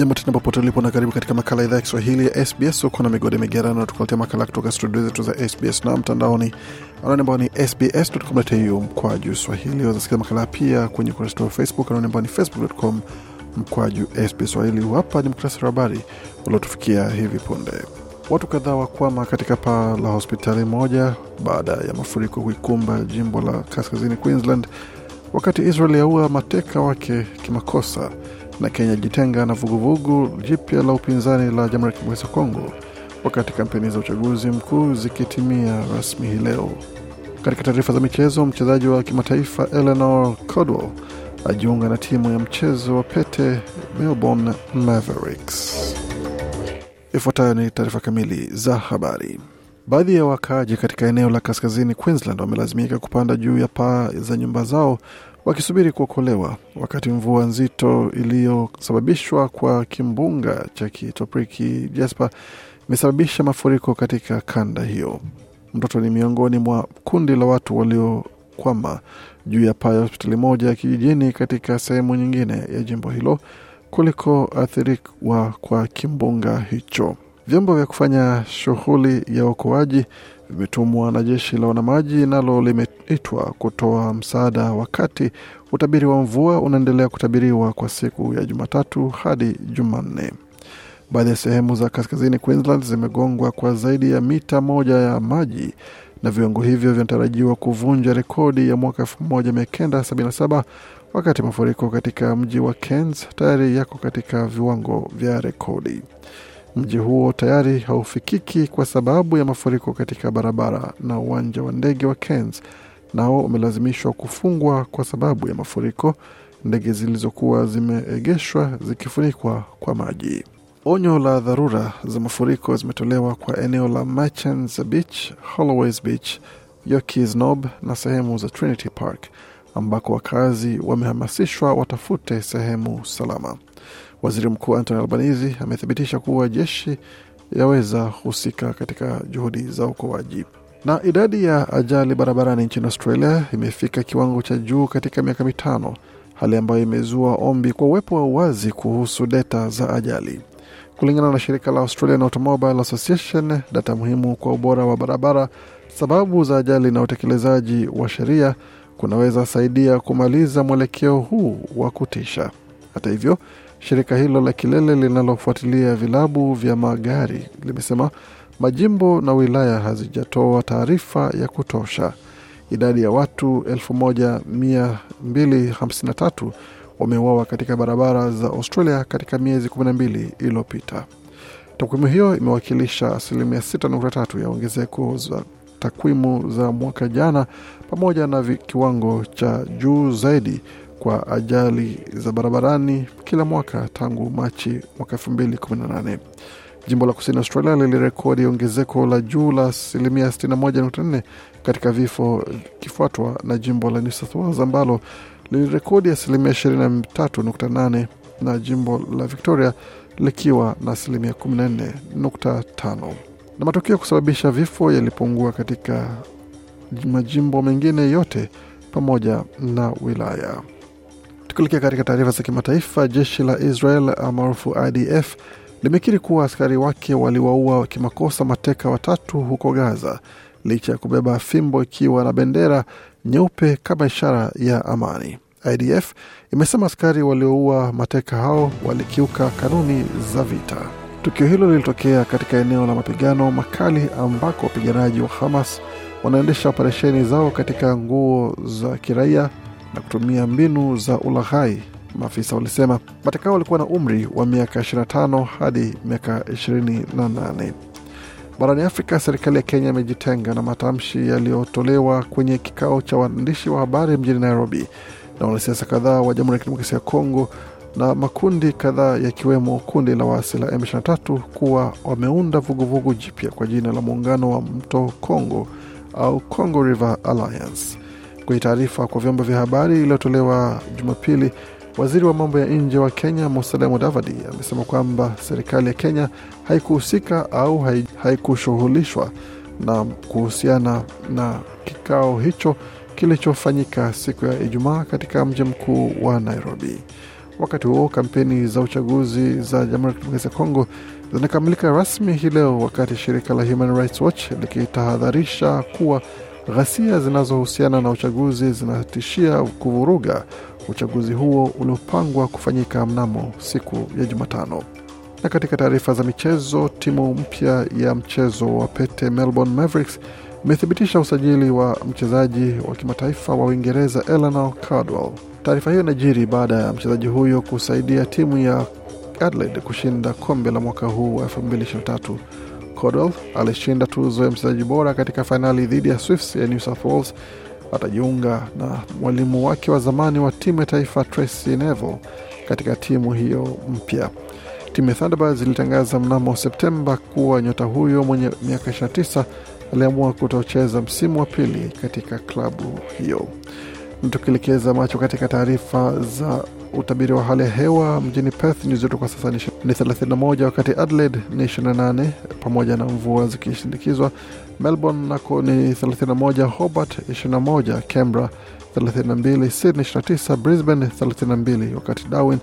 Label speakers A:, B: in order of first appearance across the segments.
A: Jambo tena popote ulipo na karibu katika makala idhaa ya Kiswahili ya SBS. Uko na migode migerano, tukuletea makala kutoka studio zetu za SBS na mtandaoni anaone ambao ni sbs.com.au mkwaju swahili. Wazasikiza makala pia kwenye ukurasa wetu wa Facebook anaone ambao ni facebook.com mkwaju SBS swahili. Hapa ni muktasari wa habari uliotufikia hivi punde. Watu kadhaa wakwama katika paa la hospitali moja baada ya mafuriko kuikumba jimbo la kaskazini Queensland wakati Israel yaua mateka wake kimakosa na Kenya jitenga na vuguvugu jipya la upinzani la Jamhuri ya Kidemokrasia ya Kongo, wakati kampeni za uchaguzi mkuu zikitimia rasmi hii leo. Katika taarifa za michezo, mchezaji wa kimataifa Eleanor Codwell ajiunga na timu ya mchezo wa pete Melbourne Mavericks. Ifuatayo ni taarifa kamili za habari. Baadhi ya wakaaji katika eneo la kaskazini Queensland wamelazimika kupanda juu ya paa za nyumba zao wakisubiri kuokolewa wakati mvua nzito iliyosababishwa kwa kimbunga cha kitopriki Jasper imesababisha mafuriko katika kanda hiyo. Mtoto ni miongoni mwa kundi la watu waliokwama juu ya paa ya hospitali moja ya kijijini katika sehemu nyingine ya jimbo hilo kuliko athiriwa kwa kimbunga hicho. Vyombo vya kufanya shughuli ya uokoaji vimetumwa na jeshi la wanamaji nalo limeitwa kutoa msaada, wakati utabiri wa mvua unaendelea kutabiriwa kwa siku ya Jumatatu hadi Jumanne. Baadhi ya sehemu za kaskazini Queensland zimegongwa kwa zaidi ya mita moja ya maji na viwango hivyo vinatarajiwa kuvunja rekodi ya mwaka 1977 wakati mafuriko katika mji wa Cairns tayari yako katika viwango vya rekodi. Mji huo tayari haufikiki kwa sababu ya mafuriko katika barabara na uwanja wa ndege wa Cairns nao umelazimishwa kufungwa kwa sababu ya mafuriko, ndege zilizokuwa zimeegeshwa zikifunikwa kwa maji. Onyo la dharura za mafuriko zimetolewa kwa eneo la Merchants Beach, Holloways Beach, Yorkeys Knob na sehemu za Trinity Park ambako wakazi wamehamasishwa watafute sehemu salama. Waziri Mkuu Anthony Albanese amethibitisha kuwa jeshi yaweza husika katika juhudi za ukoaji Na idadi ya ajali barabarani nchini Australia imefika kiwango cha juu katika miaka mitano, hali ambayo imezua ombi kwa uwepo wa uwazi kuhusu data za ajali. Kulingana na shirika la Australian Automobile Association, data muhimu kwa ubora wa barabara, sababu za ajali na utekelezaji wa sheria kunaweza saidia kumaliza mwelekeo huu wa kutisha. Hata hivyo Shirika hilo la kilele linalofuatilia vilabu vya magari limesema majimbo na wilaya hazijatoa taarifa ya kutosha. Idadi ya watu 1253 wameuawa katika barabara za Australia katika miezi 12 iliyopita. Takwimu hiyo imewakilisha asilimia 6.3 ya ongezeko za takwimu za mwaka jana pamoja na kiwango cha juu zaidi kwa ajali za barabarani kila mwaka tangu Machi mwaka 2018. Jimbo la kusini Australia lilirekodi ongezeko la juu la asilimia 61.4 katika vifo, kifuatwa na jimbo la New South Wales ambalo lilirekodi asilimia 23.8 na jimbo la Victoria likiwa na asilimia 14.5. Na matukio ya kusababisha vifo yalipungua katika majimbo mengine yote pamoja na wilaya. Tukilekea katika taarifa za kimataifa, jeshi la Israel maarufu IDF limekiri kuwa askari wake waliwaua kimakosa mateka watatu huko Gaza licha ya kubeba fimbo ikiwa na bendera nyeupe kama ishara ya amani. IDF imesema askari walioua mateka hao walikiuka kanuni za vita. Tukio hilo lilitokea katika eneo la mapigano makali ambako wapiganaji wa Hamas wanaendesha operesheni zao katika nguo za kiraia na kutumia mbinu za ulaghai. Maafisa walisema matakao walikuwa na umri wa miaka 25 hadi miaka 28. Barani Afrika, serikali ya Kenya imejitenga na matamshi yaliyotolewa kwenye kikao cha waandishi wa habari mjini Nairobi na wanasiasa kadhaa wa Jamhuri ya Kidemokrasia ya Kongo na makundi kadhaa yakiwemo kundi la waasi la M23 kuwa wameunda vuguvugu jipya kwa jina la Muungano wa Mto Kongo au Congo River Alliance. Kwenye taarifa kwa vyombo vya habari iliyotolewa Jumapili, waziri wa mambo ya nje wa Kenya Musalia Mudavadi amesema kwamba serikali ya Kenya haikuhusika au haikushughulishwa na kuhusiana na kikao hicho kilichofanyika siku ya Ijumaa katika mji mkuu wa Nairobi. Wakati huo kampeni za uchaguzi za Jamhuri ya Kidemokrasia ya Kongo zinakamilika rasmi hii leo, wakati shirika la Human Rights Watch likitahadharisha kuwa Ghasia zinazohusiana na uchaguzi zinatishia kuvuruga uchaguzi huo uliopangwa kufanyika mnamo siku ya Jumatano. Na katika taarifa za michezo, timu mpya ya mchezo wa pete Melbourne Mavericks imethibitisha usajili wa mchezaji wa kimataifa wa Uingereza Eleanor Cardwell. Taarifa hiyo inajiri baada ya mchezaji huyo kusaidia timu ya Adelaide kushinda kombe la mwaka huu wa 2023 Codwell alishinda tuzo ya mchezaji bora katika fainali dhidi ya Swifts ya New South Wales, atajiunga na mwalimu wake wa zamani wa timu ya taifa Tracy Neville katika timu hiyo mpya. Timu ya Thunderbirds ilitangaza mnamo Septemba kuwa nyota huyo mwenye miaka 29 aliamua kutocheza msimu wa pili katika klabu hiyo. Tukielekeza macho katika taarifa za Utabiri wa hali ya hewa mjini Perth nyuzi joto kwa sasa ni 31, wakati Adelaide ni 28 pamoja na mvua zikishindikizwa. Melbourne nako ni 31, Hobart 21, Canberra 32, Sydney 29, Brisbane 32, wakati Darwin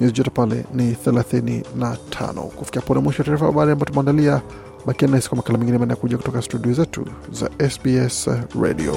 A: nyuzi joto pale ni 35. Kufikia pone mwisho wa taarifa habari ambayo tumeandalia. Bakia nasi kwa makala mengine yanakuja kutoka studio zetu za SBS Radio.